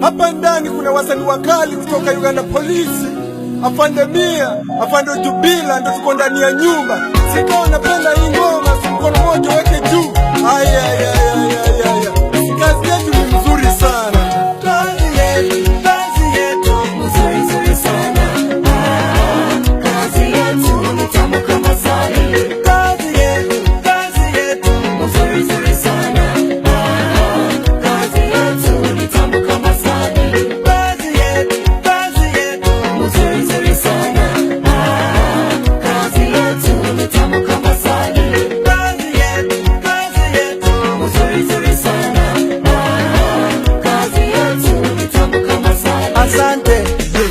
Hapa ndani kuna wasanii wakali kutoka Uganda polisi, afande Mia, afande Jubila, ndo tuko ndani ya nyumba. Sika napenda hii ngoma, mkono moja weke juu. Ayayayaya.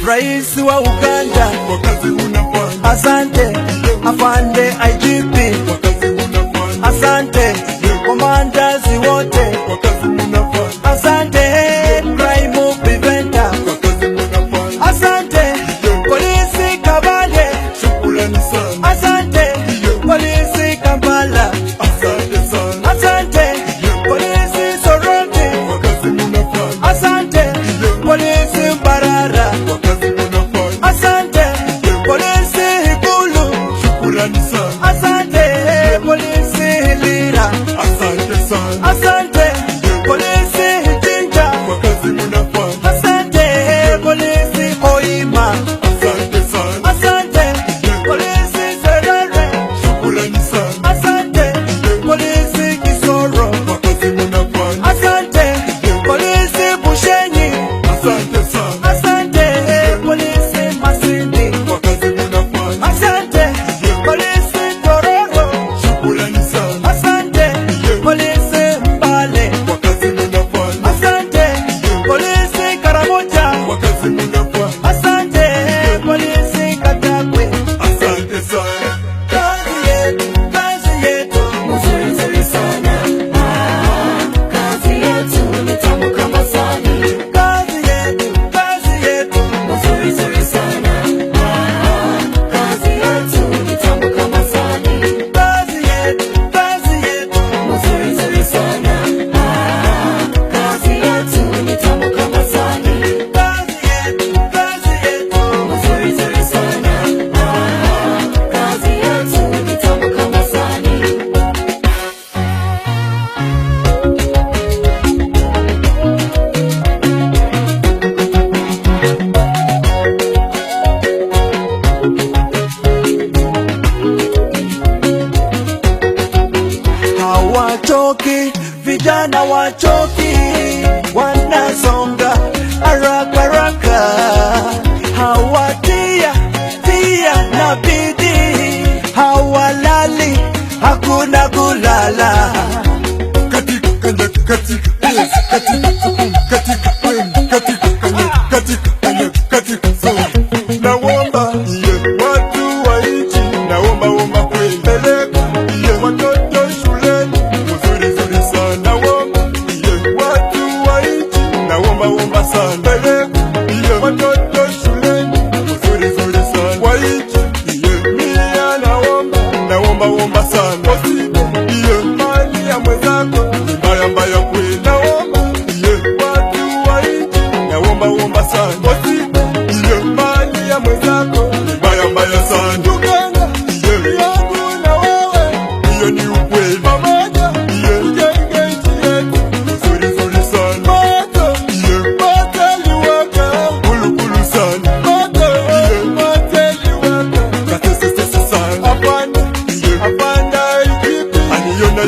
Rais wa Uganda, asante afande IGP, asante wamandazi wote. na wachoki, wanasonga haraka haraka, hawatia pia na bidii, hawalali, hakuna kulala.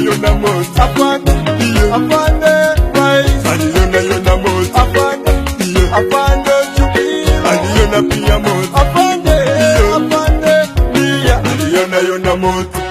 yona moto apande iyo apande rise aliyona yona moto apande iyo apande chubira aliyona pia moto apande iyo apande pia aliyona yona moto